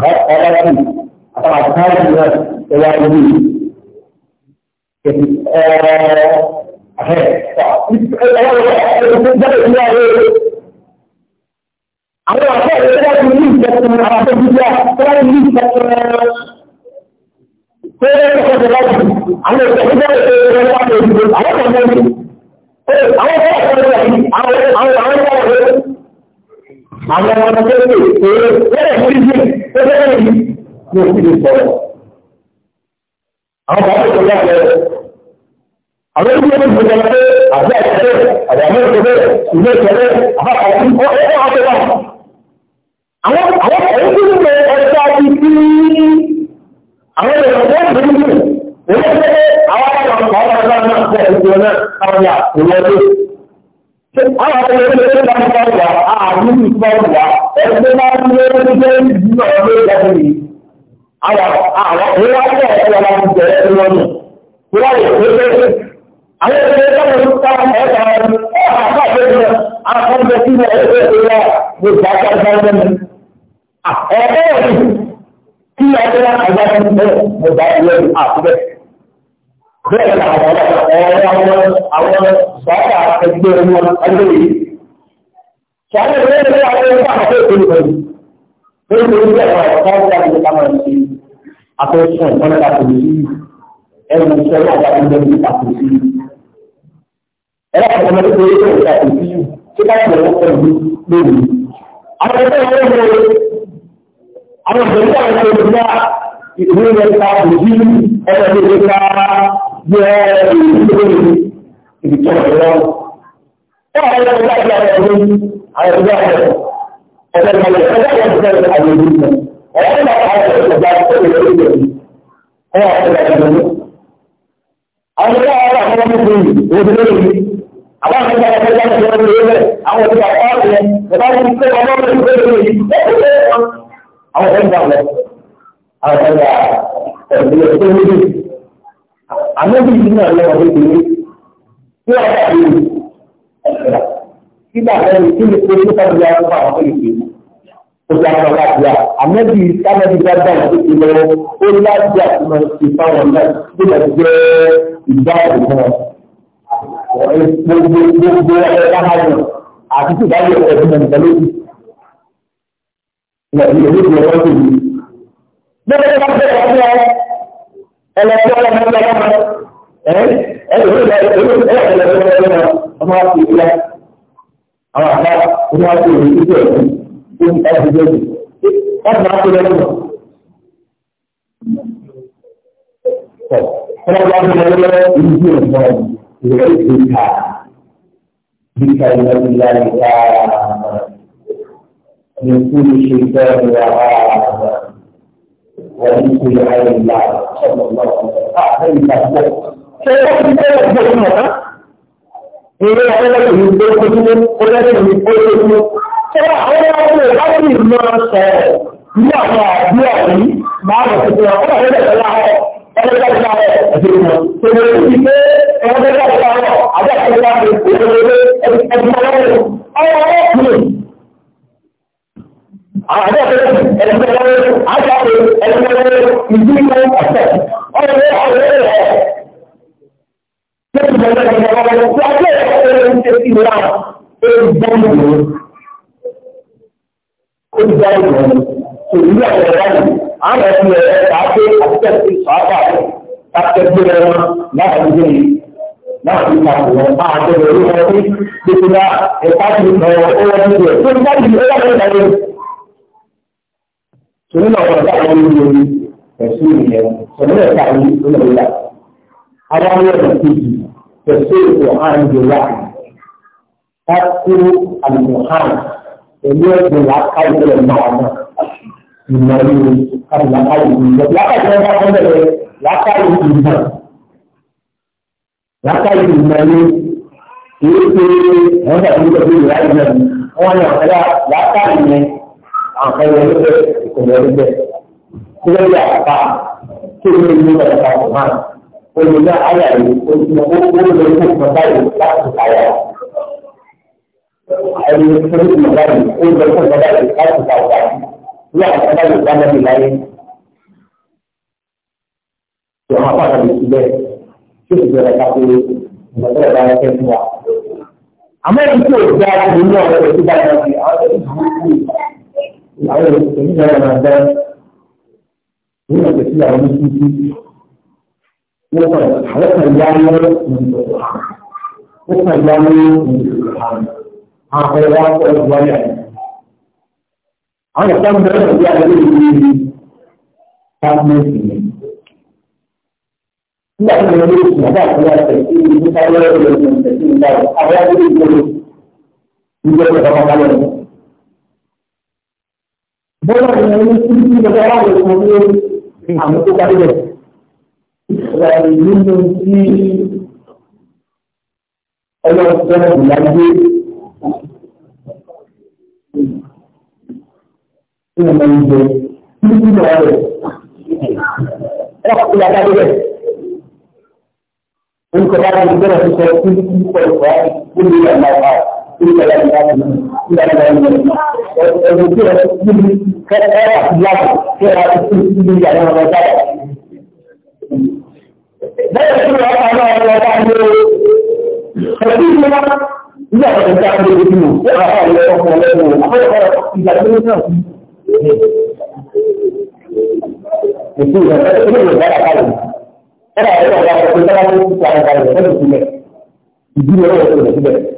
ọ̀gáṣì àwọn àgbà ìṣọ́ ìwà ìlú ẹ̀ẹ́dẹ̀ẹ́dẹ́ ẹ̀ẹ́dẹ́gbẹ̀rẹ̀ ìwà ìlú àwọn ọ̀pọ̀ ẹ̀rọ tó bá ti ní ìjẹun ara tó dúdú tó bá ti ní ìjẹun tó yẹ kọ́kọ́ tó bá àwọn ọ̀pọ̀ tó bá ti ṣe ẹ̀rọ wá àwọn ọ̀pọ̀ tó àwọn ọ̀pọ̀ tó bá ti àwọn àwọn àwọn ọ̀pọ̀ àwọn ọmọ tó ti ṣe ẹ̀rọ wọ́n ti ṣe tó bá ti ní òkú lè àwọn bàbá tó bá ti lọ àwọn ìdílé tó ti sọ̀rọ̀ pé àbí àtẹ̀tẹ̀ àbí àmọ́ ìtẹ̀tẹ̀ ìlú ìtẹ̀tẹ̀ àbá àwọn àwọn ẹ̀rọ tó ń bẹ ẹ̀ka ti fi àwọn èèyàn tó ń bẹ̀rù nù òun ṣe àwọn àwọn àwọn àwọn àwọn àwọn àwọn àwọn ìjọ náà àwọn yà kò lọ dé. Àwọn àwọn ọmọ ẹgbẹ́ tó ń bá wà ààrùn ìgbà wà ẹgbẹ́ máa ń lé ní jẹ́ ìdúnà ọdún ìjọba yìí. Àwọn àwọn òun wá ní ọ̀pọ̀ ọ̀la ń jẹ ẹgbẹ́ wọn nù. Wọ́n wá yẹ pé àwọn ẹgbẹ́ tó ń bá wọn ẹ̀ka ọ̀la ẹ̀ẹ́dẹ́ rẹ̀ kí ni ọjọ́ náà ẹgbẹ́ rẹ̀ ń bẹ̀rẹ̀ mo bá ìwé mi àkúbẹ̀. bẹ́ẹ̀ ni àwọn ọ̀rọ̀ àwọn àwọn sọ́ọ̀tà ẹgbẹ́ wọn ẹgbẹ́ yìí. sọ́ọ̀tà ẹgbẹ́ rẹ̀ wà lórí ọjọ́ àkọ́kọ́ ìpinnu pẹ̀lú. lórí orí ẹ̀rọ ọ̀sán ìgbà tó ti kámọ̀ sí àtọ́sùn ìpọ́nlá kàkùrù sí ẹ̀rù ìṣẹ́lẹ̀ àgbàdo kàkùrù sí. ẹ̀rọ ọ̀sán ìgbà tó ti àwọn ìṣẹ̀lẹ̀ àwọn ìṣẹ̀lẹ̀ ìgbà ìwé rẹ̀ ta kò sí ọ̀rọ̀ ìwé ta yẹ ìwé ìbìtọ̀ ìrọ̀. Wọ́n àwọn ìṣẹ̀lẹ̀ ìgbà ìgbà ìwé àwọn ìgbà ìwé ọ̀sẹ̀ ìgbàlẹ̀ ọ̀sẹ̀ ìgbàlẹ̀ ọ̀sẹ̀ ìgbàlẹ̀ ọ̀sẹ̀ ìgbàlẹ̀ ọ̀sẹ̀ ìgbàlẹ̀ ọ̀sẹ̀ ìgbàlẹ̀ àwọn ọ̀gá ọ̀rọ̀ àwọn ọmọ ìgbìyànjú òbí lórí àwọn ọ̀gá ọ̀rọ̀ àwọn ọmọ ìgbìyànjú òbí lórí àwọn ọ̀gá ọ̀rọ̀ àwọn ọmọ ìgbìyànjú òbí lórí àwọn ẹgbẹ́ gbà lọ àwọn ẹgbẹ́ gbà ẹgbẹ́ ẹgbẹ́ tó níbi àmọ́bí yìí náà lọ́wọ́ tó ti ní tí wọ́n bá yìí ẹgbẹ́ kí bá bẹ́ẹ̀ ni kí ni kó tó sábà yára fún àwọn ọmọ ìgbé ó ti àwọn ọmọ àti àmọ́bí sábàbí dáadáa ló ti lọ ó láti àtúnmọ̀ sí fáwọn náà tó lọ jẹ́ ìdáàbò náà gbogbo gbogbo ẹ̀ka àti ìdáàbò ẹ̀dùn ẹ̀dùn lójú lẹ́yìn ìlú ìlú ọ̀rọ̀ tó yìí. Bẹ́ẹ̀ bá bẹ̀rẹ̀ ọ̀rọ̀ ẹlẹ́tí ọ̀rọ̀ mọ́ lọ́wọ́ mọ́ ẹ̀ ẹ̀rọ ẹlẹ́tí ọ̀rọ̀ ọmọ àti ìlú àwọn àbá ọmọ àti ìlú ìlú ẹ̀sìn tó ń ẹ̀sìn tó yìí. Wọ́n máa tó lọ́wọ́ mọ́. Ọmọ bá tó lọ́wọ́ lọ́wọ́ ìlú ìlú ẹ̀sìn tó yìí. Ìrẹsì ìta. من كل شيطان وعاده ومن كل عين لعنه صلى الله عليه وسلم اعطيك الصدق سيكون ذلك جسمك ilé ọ̀pọ̀lọpọ̀ ìlú tó kọjúmọ́ ọlọ́pọ̀ ìlú tó kọjúmọ́ tọ́lá àwọn ọmọ ìwádìí máa sọ ní àwọn àdúrà yìí máa lọ sí ọ̀pọ̀ ọ̀pọ̀ ìlú láwọ̀ ọlọ́pọ̀ ìlú láwọ̀ ẹ̀sìn wọn tòun ti pé ẹ̀wọ́n tó láwọ̀ àbẹ́ àti ìlú láwọ̀ ẹ̀sìn wọn ẹ̀sìn wọn àwọn àjọ ẹ̀ẹ́dẹ́gbẹ̀rẹ́ àjọpé ẹ̀ẹ́dẹ́gbẹ̀rẹ́ ìdílé ọ̀sẹ̀ ọ̀rẹ́ ọ̀rẹ́ rẹ̀ lẹ́yìn ìgbà tí wọ́n bá wọ́n tí ajé ẹ̀ẹ́dẹ́gbẹ̀rẹ́ ń ṣe sí wa olùdáyìí olùdáyìí tòlú àjọyọ̀ àwọn ẹ̀sìn ẹ̀ẹ́ káàpé àtẹ̀sí sọ́ọ́kà káàpẹ̀gbẹ̀rẹ̀ wọn láàbùdé láti pàtó wọn bá àjọyọ̀ orí wọn pé gbogbo ẹ̀ka ti ń bọ̀ ọ́ sọ̀rọ̀ náà wọ́n dáa wọ́n lórí ẹ̀sùn ìyẹn sọ̀rọ̀ náà ta ní lórí ìyá. Àwọn ọmọ ẹ̀rọ kejì pẹ̀sẹ̀ ìwọ̀n àǹjọ wà. Kákó àlùmọ̀hán pẹ̀lú ẹ̀gbọ́n làákàyè rẹ̀ náà náà. Ìmọ̀ ìwé kábí làákàyè ìgbìmọ̀. Làákàyè wọn bá fọ́n bẹ̀rẹ̀ làákàyè ìgbìmọ̀. Làákàyè ìgbìmọ̀ ni kì í ṣe wọ́n dàbí ìgbàgbé ìwà ìgbìmọ̀. Wọ́n yàn àwọn kan yẹn níbẹ̀ ìkòmọ̀ níbẹ̀ tí wọ́n yà tí wọ́n yẹ nípa nípa kò máa olè náà ayà yìí olùmọ̀ ó lè kó ìmọ̀ báyìí láti àyà ẹni tó ní ìmọ̀ ó lè kó ìmọ̀ báyìí láti àyà ní àwọn kan báyìí bá mẹ́rin láyé ìwọ̀n apá lè fi bẹ́ẹ̀ tí ó sì bẹ̀rẹ̀ ká pé ìmọ̀ bẹ́ẹ̀ àmọ́ ìdílé ìyàwó rẹ̀ kò ní ìyàwó rẹ̀ bá ní ọ̀sẹ̀ sí àwọn oníṣíṣí wọ́n kọ̀ àwọn kan yá ní ọ̀rọ̀ wọ́n kan yá ní àpẹẹrẹ wọn kọ̀ ọ̀dùn wáyà àwọn ìta ń bẹ̀rẹ̀ pẹ̀lú àwọn ilé ìwé ní kábínẹ̀tì ni nígbà tí wọ́n lé oṣù àbá àkọlá ẹ̀sẹ̀ tí wọ́n ní káwọ́ ẹ̀rọ ẹ̀sẹ̀ tí wọ́n bá wọ́n àwọn ilé ìwé ìwé ìwé ìwé ìwé bọ́lá ìyẹn ní kí ní ọjọ́ aláwọ̀ kan ní àwọn tó parí rẹ̀. Ìsirayì nínú tí ọlọ́run fẹ́ràn ìlà gbé tí wọ́n máa ń jẹ kí ní ọjọ́ rẹ̀. Ẹ̀rọ ìlà dájú rẹ̀. Orúkọ bá dájú bẹ́rẹ̀ sísọ kí ní kí ní kọ̀ ìwà ó lè yà máa bá a ìgbà láti láti ìgbà láti láti ẹ̀rù tí ẹ ti ní ẹ wà sí láti tí ẹ wà sí sí ní ìyá náà lọ sábà. Bẹ́ẹ̀ tí wọ́n pa náà lọ bá ní ẹbí ní wá ní àwọn ọ̀dọ́ tí a ti lè dùn ó wà fún àwọn ọmọ ọlọ́wọ́ àbẹ́rẹ́ ìgbà tí wọ́n náà Èsì ìgbà tí wọ́n lè gbára kalẹ̀. Ẹ̀rọ àwọn ọ̀gá ọ̀gá ọ̀gá ọ̀gá ọ̀gá ọ̀gá ọ̀gá ọ̀gá ọ̀gá ọ̀gá ọ̀gá ọ̀gá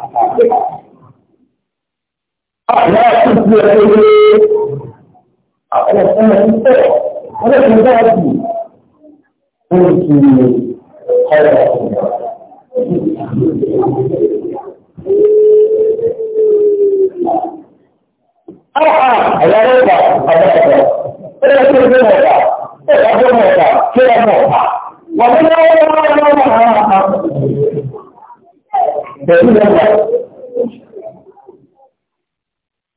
Àwọn akẹ́kọ̀ọ́ ẹgbẹ́ àwọn ọ̀sán ẹgbẹ́ wọ́n ti dá sí wọ́n ti ọ̀rọ̀ Àwọn ọ̀rọ̀ ọ̀pá àbẹ́sọ̀rọ̀, ẹgbẹ́ tó gbé mọ̀ta, ẹgbẹ́ tó pẹ̀lú ọ̀gá.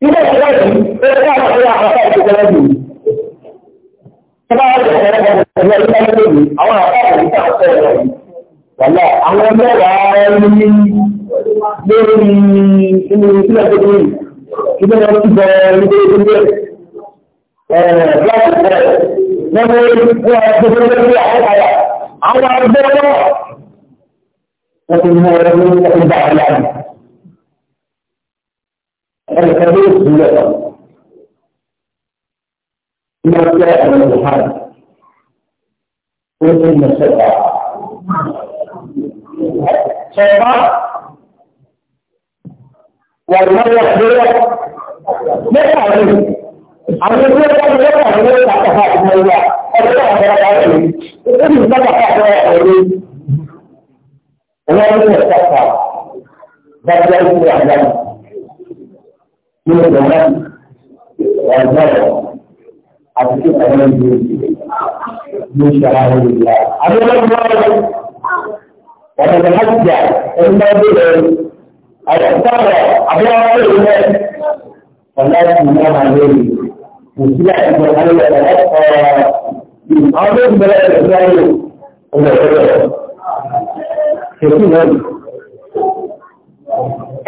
Ilé ẹ̀kọ́ yìí, ó yẹ káàkiri àwọn àpapọ̀ ìṣẹ̀lẹ̀ lẹ́nu. Tọ́lá ọ̀gá ọ̀gá ọ̀gá ọ̀gá ọ̀gá lẹ́nu, àwọn àpapọ̀ ìṣẹ̀lẹ̀ àpapọ̀ ọ̀gá Wàlá àwọn mẹ́wàá ní lórí inú ìpínlẹ̀ tó ní ìpínlẹ̀ tó ti bọ̀ nígbè nígbè ẹ̀ẹ́dẹ́gbẹ̀rẹ̀ lọ́wọ́ لكن هو يقول لكن بعض العلم الحديث باللغة ما جاء من الحال وجه الشفاعة شفاعة والمرة الأولى لا تعلم عن يقول لك لا تعلم لا تعلم لا تعلم لا تعلم لا تعلم لا تعلم ولا يتفكر بل يأتي أهلا من الجنة والمرة أتكلم عن من شرائع الله أبي الله ونتحدى إما به الأكثر أبي الله فلا تنام عليه وسيلة القرآن يتلقى بالأمر بلا إسرائيل kèsì náà bì.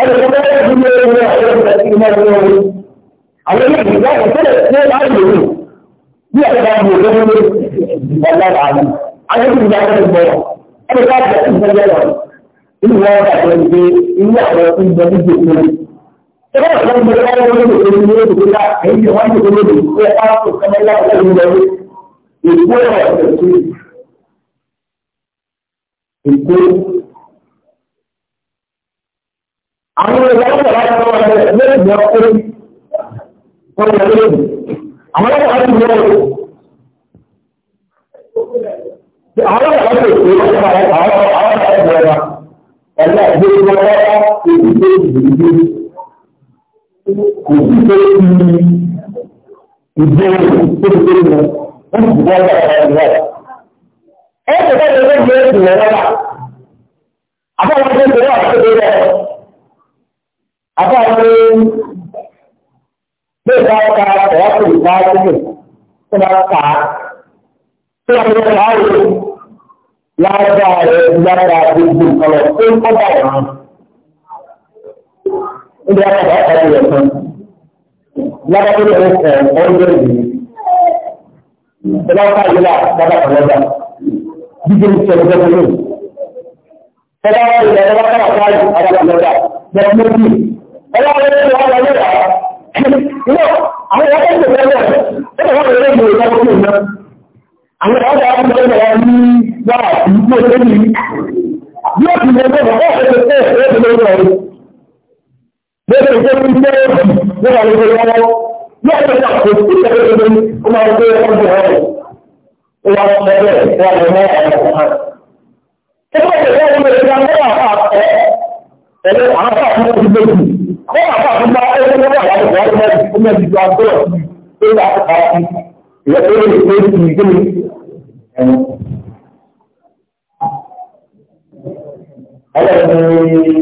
ẹnì kan bá yẹ kí ní ẹgbẹ́ ọ̀rẹ́ ìgbà tí mo máa ń wọlé àwọn ilé ìgbà ìfẹ́lẹ̀ tí ó bá lò ó bí ẹ̀ka bá lò ó lórí ọ̀la àlù àwọn ìgbà ìgbà ìgbà ẹnì kan bá yẹ kí ní ẹgbẹ́ inú wọn bá tẹ̀lé pé inú àwọn ìgbà níbi ìgbà Ẹgbẹ́ ọ̀sán ń bẹ lọ́wọ́ lórí òṣèlú ní òṣèlú ńlá, èyí ni wọ́n ń bẹ lórí òṣèlú ńlá, ẹ̀ka ọ̀sán ńlá ọ̀sán ń bẹ lórí. Èkó ẹ̀rọ ọ̀sẹ̀ tó yìí. Èkó. Àwọn ìyàwó wà láti wọ́n rẹ̀ lẹ́yìn ìgbà pé wọ́n yẹ lẹ́yìn. Àwọn ọmọ wa ti mú ọ̀rọ̀. Àwọn ọmọ wa ti mú ọ̀rọ̀ àwọn ọmọ wa ti mú ọ̀rọ̀. Ẹ̀lá ìgbé ìgbà wọ́n wá èdè tó ìgbè ìgbè. Kò sí pé ìgbè ìgbè tó ìgbè ìgbè. Wọ́n ti gbọ́ ọ̀rọ̀ àwọn ọmọ wa ẹ̀sẹ̀ lẹ́nu ló yẹ ẹ̀sùn rẹ̀ lọ́la. Àbáwọn tó ń bẹ̀rẹ̀ àkókò rẹ̀. Àbáwọn ní bí ìgbà ọ̀ka ẹ̀yà tó ìgbà sílẹ̀ tó máa kà Tí wọ́n ti rẹ̀ láàyè láàbà rẹ̀ lára gbogbo ìkọlọ̀ tó ń kọ́ bá wọn. Ndé wọn bá kọ́ ọ́ yẹ fún. tó lè fẹ́ ọ̀rọ̀ ìgbà ìgbà. Ìgbà ọ̀ka yìí là jíjẹ ìṣẹ̀lẹ̀ ìjọba lónìí. Ọba wa ilẹ̀ ọba kára sáájú abalọ̀lọ́dà lọ́kùnrin. Ọba wa ilẹ̀ ọba lọ́wọ́ rà á. àwọn ọba ìṣẹ̀lẹ̀ ìjọba lọ́wọ́ rẹ̀ wọ́n lè lè lọ sí ìná. Àwọn ọba wa ń bẹ̀rẹ̀ wá ní yàrá ìlú òṣèlú yìí. Yóò ti lè bẹ̀rẹ̀ bá ọ̀rẹ́ tó ṣe é lórí ọ̀rẹ́. Bẹ́ẹ̀ ni ìjọba ìjọba ìjọba ìjọba ìjọba ìjọba ìjọba ìjọba ìjọba ìjọba ìjọba ìjọba ó wá sọ bẹ́ẹ̀ wọ́n lọ mọ́ ọ̀rọ̀ kan. Ó bá tẹ̀lé ọmọ rẹ̀ ti àwọn àwọn àpẹ ẹ̀rọ àwọn àpapọ̀ ti gbé jù. Àwọn àpapọ̀ bá ẹgbẹ́ wọn wà láti wọ́n mẹ́rin tó mẹ́rin ju agbọ́ tó wà á pa sí. Ìyẹn tó lè pé kì í gbé Ọlọ́run ni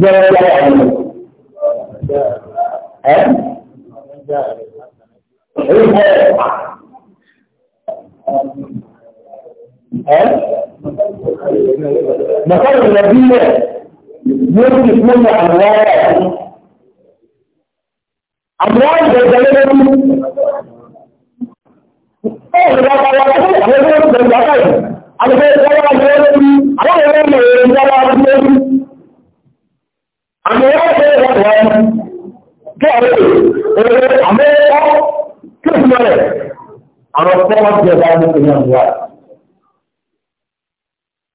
jẹ́ ọlọ́run àwọn ọ̀rọ̀. Ẹ́ مثل الذين يملكون أموالهم أموال بالدليل Amẹ́ríkà kí ọ̀rẹ́ àwọn ọ̀pọ̀lọpọ̀ jẹ́ bá ní ìpínlẹ̀ àmúwá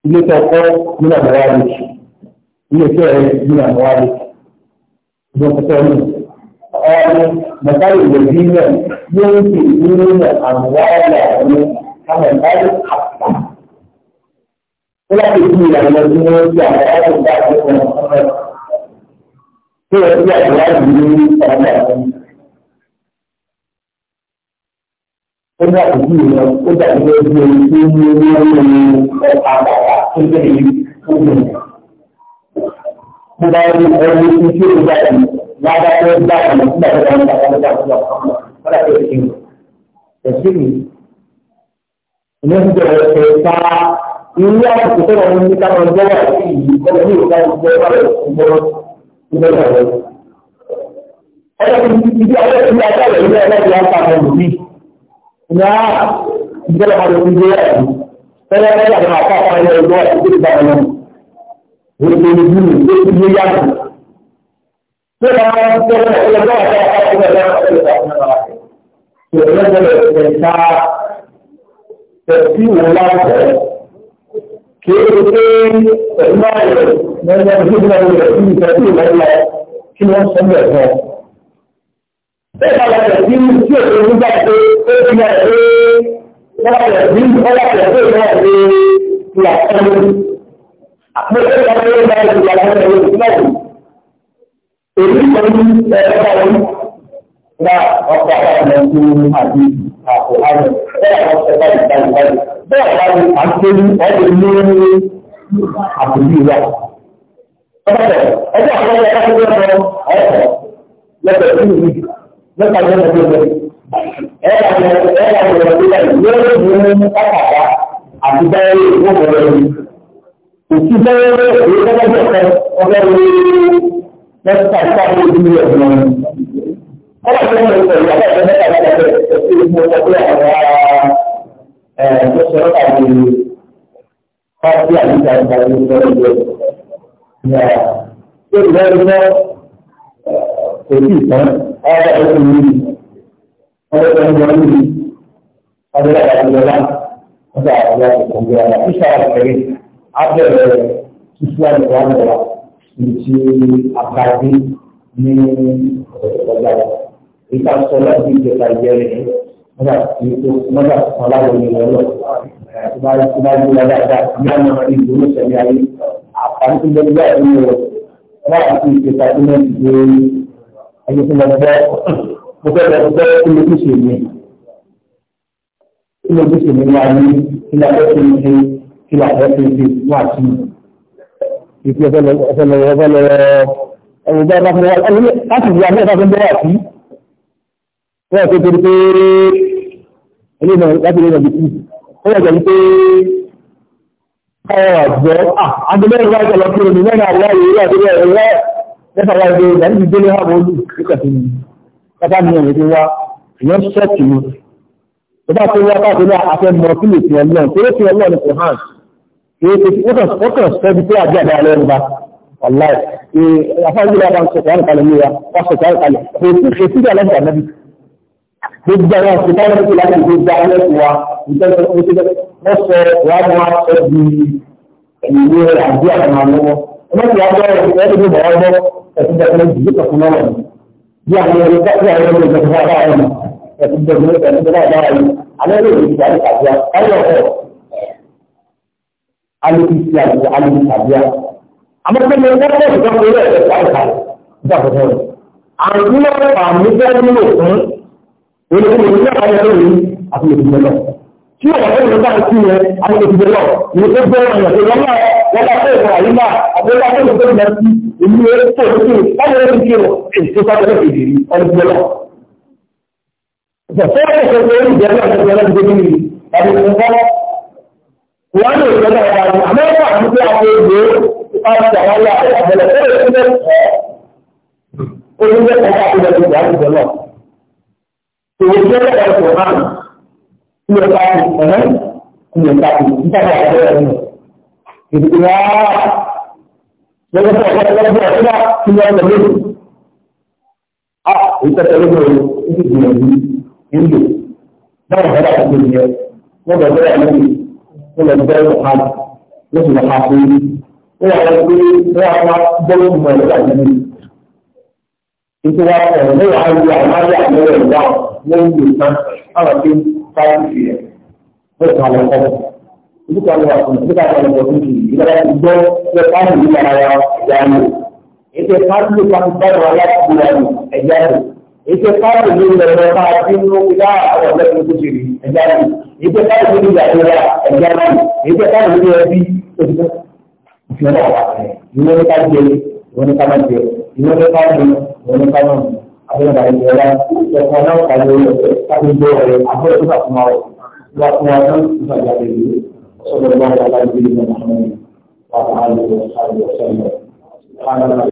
ilé tọ̀kọ́ nínú àmúwá lè ṣe ilé tẹ́ ẹ̀ nínú àmúwá lè ṣe ìjọ pẹ̀tọ́ ní ọ̀rọ̀ mọ̀tàlì ìwòdì náà yóò ń fi nínú àmúwá lè àwọn àwọn ìbáyé àpá ó láti fi ìlànà tí wọ́n ti àwọn ọ̀rọ̀ ìgbà tó wọn ọ̀rọ̀ tó wọ́n ti àjọ láti ní ọ̀rọ̀ àwọn ó dà bí ìlọ ó dà bí ẹbí ẹni tí ó ní ní ọ̀rọ̀ ní ọ̀pá bàbá tó jẹ́ èyí tó jẹ́ èyí. Mo bá rí ẹni tí tí ó dà bí lágbá tó dà bí nígbà tó dà bí bàbá tó dà bí bàbá tó dà bí èyí. Ẹ̀sì mi, ìyẹn ti bẹ̀rẹ̀ ṣe ta ilé àkókò tó wọn ní káwọn ọjọ́ wà sí ìyí kọ́lọ́ ní ìka ìgbọ́ ọ̀rọ̀ ìgbọ́ ìgbọ́ ọ̀rọ̀. Ọjọ́ na ìjọba ọmọdé ń gbé ẹ̀ tẹ́lẹ̀ tẹ́lẹ̀ àwọn àpapọ̀ ilẹ̀ ìjọ ìdílé bá wọn lọ́wọ́ wọ́n ti ní bíi ìgbé tí ó yàtọ̀ tí ó bá wọn tẹ́lẹ̀ tẹ́lẹ̀ bá wọn tẹ́lẹ̀ tẹ́lẹ̀ tẹ́lẹ̀ tẹ́lẹ̀ tẹ́lẹ̀ tẹ́lẹ̀ tẹ́lẹ̀ tẹ́lẹ̀ tẹ́lẹ̀ tẹ̀sí wò láǹfẹ̀ kí ó pé pẹ̀lú àyẹ̀ lẹ́yìn ọdún tó ń lọ sí ìtẹ̀sí ìlọ́lọ́ kí wọ́n sọ bẹ́ẹ̀ bá yàtọ̀ sí mú sí òkè nígbà pé ó ti yà pé lọ́wọ́ sí ọlá pẹ̀lú pé ìwọ̀n pé ti àtẹ́wọ́. Àpẹẹrẹ ìgbà pé ó bá yẹ ìgbà láwọn ẹ̀rọ ìgbàlù. Èyí kan ní ẹ̀rọ báwọn na ọ̀pọ̀ àwọn ọmọ àti àpò àwọn bẹ́ẹ̀ àwọn ọ̀pọ̀ ìgbàlù báyìí. Bẹ́ẹ̀ bá ní àkérú ọdún ní àpòlí wa. Ọjọ́ àkọ́kọ́ ẹ̀ka tó lọ́wọ́ ọ̀pọ̀ lọ́pọ̀ sí ìlú mẹ́ta jẹ́ ẹgbẹ́ ẹgbẹ́ ẹ̀rọ ẹ̀rọ ìgbẹ́ yóò mú mú kàkàkà àti bẹ́ẹ̀rẹ̀ ìwọ̀n rẹ̀ ni òtí bẹ́ẹ̀rẹ̀ ìwọ̀n rẹ̀ kẹ́ ọgbẹ́ rẹ̀ mẹ́ta ìsáré ìdí rẹ̀ mọ́ ni. ọ̀rọ̀ tó ń rẹ̀ pẹ̀lú àbẹ́ẹ̀rẹ̀ mẹ́ta ìsáré ìdí rẹ̀ mọ́ ọgbẹ́ àwọn ẹ̀ẹ́ tó ṣe ọ́ta ní pàṣẹ àdìsá berikan ada sendiri ada yang berani ada yang berjalan ada yang berjalan isyarat dari ada sesuatu yang berani menci akadi ni berjalan kita solat di detail ini ada itu ada salah ini lalu kembali kembali kita ada yang mengalami dulu sebenarnya apa yang kita ini Rakyat kita ini ẹni tí mo gbọ́ mo fẹ́ lọ gbọ́ kí ló ti ṣe mí kí ló ti ṣe mí ní ayé kí ló fẹ́ fi ṣe kí ló fẹ́ fi ṣe wá sí i ìpín ọ̀fẹ́ lọ ọ̀fẹ́ lọ ọ̀fẹ́ lọ ẹ̀rù bá bá fún wa ẹ̀rù láti fi àmì ẹ̀fà fún bẹ́ẹ̀ àti wọ́n ti torí pé ilé náà láti ilé náà bìtì ó yẹ kẹ́lí pé káwọn àgbẹ̀ ah, àgbẹ̀ mẹ́rin wáyé lọ kúrò ní mẹ́rin àgbẹ̀ àgbẹ̀ àgbẹ̀ àgbẹ̀ lẹ́fà wá ilé ìgbà níbi délé wà wọlú níkàtí ni bàbá mi ò lè wá ìyẹn ṣẹ́ẹ̀kì ni bàbá tó wá bàbá náà afẹ́ mọ kí lè fi ọlọ́run tó lè fi ọlọ́run kò hàn kìí ṣe wọ́n kàn sọ́bi pé àjẹ́ àdá ọlọ́run bá wàláì ṣe afáàlú ìlú àbáńsọ kọ́ọ̀rọ̀ kalẹ̀ ní wa wọ́n sọ kọ́ọ̀rọ̀ kalẹ̀ kò sí ṣe sí àlẹ́ ìdàmẹ́bí gbogbo àwọn àṣetá wọn ti láti gbé gba ọlẹ́ wa ìjọba wọn sọ ìwádìí wọn sọ di ìwé àbí àwọn àwọn ọmọ wọn ti wá bọ́ ẹ̀ ẹ́ ẹ̀kúndà kan jù lókà fún ọ̀rọ̀ bí àwọn ẹ̀rọ bí àwọn ẹ̀rọ ìjọba bá bá ọ̀nà ẹ̀kúndà kan lókà fún ọ̀rọ̀ bára yìí alẹ́ ló lè gbà àdúrà ọ̀rọ̀ ọ̀rọ̀ alẹ́kùn sí àdúrà alẹ́kùn àdúrà amọ̀tẹ́ni ẹgbẹ́ ìjọba orí ẹ̀rọ ìjọba ìjọba àwọn ìlú ọ̀pọ̀ àmì tí ọ̀rọ̀ ìlú bá ti yẹ àwọn òṣìṣẹ́ lọ ní ó bẹ́ ọ̀rọ̀ ìlú wọn náà wọ́n bá fẹ́ ìwà yìí náà àbúrò àti ìlú bẹ́ẹ̀ ti ìlú ẹ̀ tó ń báwo ló ti kí o èso bá tẹ̀lé èdè rí ọ̀rọ̀ ìlú lọ. Ìjọba ẹ̀rọ ìṣẹ̀lẹ̀ orí ìjẹ́ náà ti yọrọ ìdíje nínú àbí ìfúnfọ́. Wọ́n lè sọ náà wà ní Amẹ́ríkà àti pé àwọn èdè ìpàdé àwọn ilé kí ló bá ti ẹ̀rẹ́ kí ló bá ti níta bá ti bẹ̀rẹ̀ rẹ̀ ìdìbò wá lọ́jọ́ tó ọ̀gá tó bọ̀ ọ́dá kí ló ń lọ lórí. a ìtẹ̀tẹ̀ ló bọ̀ ó ti gbìyànjú nílò náà ọ̀gá tó ti yẹ wọ́n lọ bẹ̀rẹ̀ lórí wọ́n lọ bẹ̀rẹ̀ lọ́ha lọ́sùn lọ́ha fún yìí wọ́n wà lọ pé wọ́n á bọ́ọ̀lù mọ̀ ẹ̀rọ àgbẹ̀ Ìtura ọ̀rọ̀ mẹ́wàá ń lo àwọn àyà àgbẹ̀rẹ̀ ìwà lórí ìgbà àwọn tí five years bẹ́ẹ̀ kan lọ kọ́ ibi kan lọ fún ibi kan lọ fún ibi ìgbàlá ìgbọ́ ṣe káàdì yìí lára wa ẹ̀yà lò ètò káàdì yìí kan bá wọn láti gbé wọn ẹ̀yà lò ètò káàdì yìí lọ lọ bá ti ń lókè dá àwọn ọ̀dọ́ tó ti rí ẹ̀yà lò ètò káàdì yìí yà lọ ẹ̀yà lò ètò káàdì yìí yà bí òṣìṣẹ́ ìfẹ́ náà wà ní ìwé ní ká jẹ ìwé ní ká má jẹ ìwé ní ká mú ìwé ní ká má mú. ada dari dia lah. dan kalau kalau tapi dia apa tu tak mau buat macam tu tak jadi sebab dia tak jadi macam ni apa hal dia saya saya kalau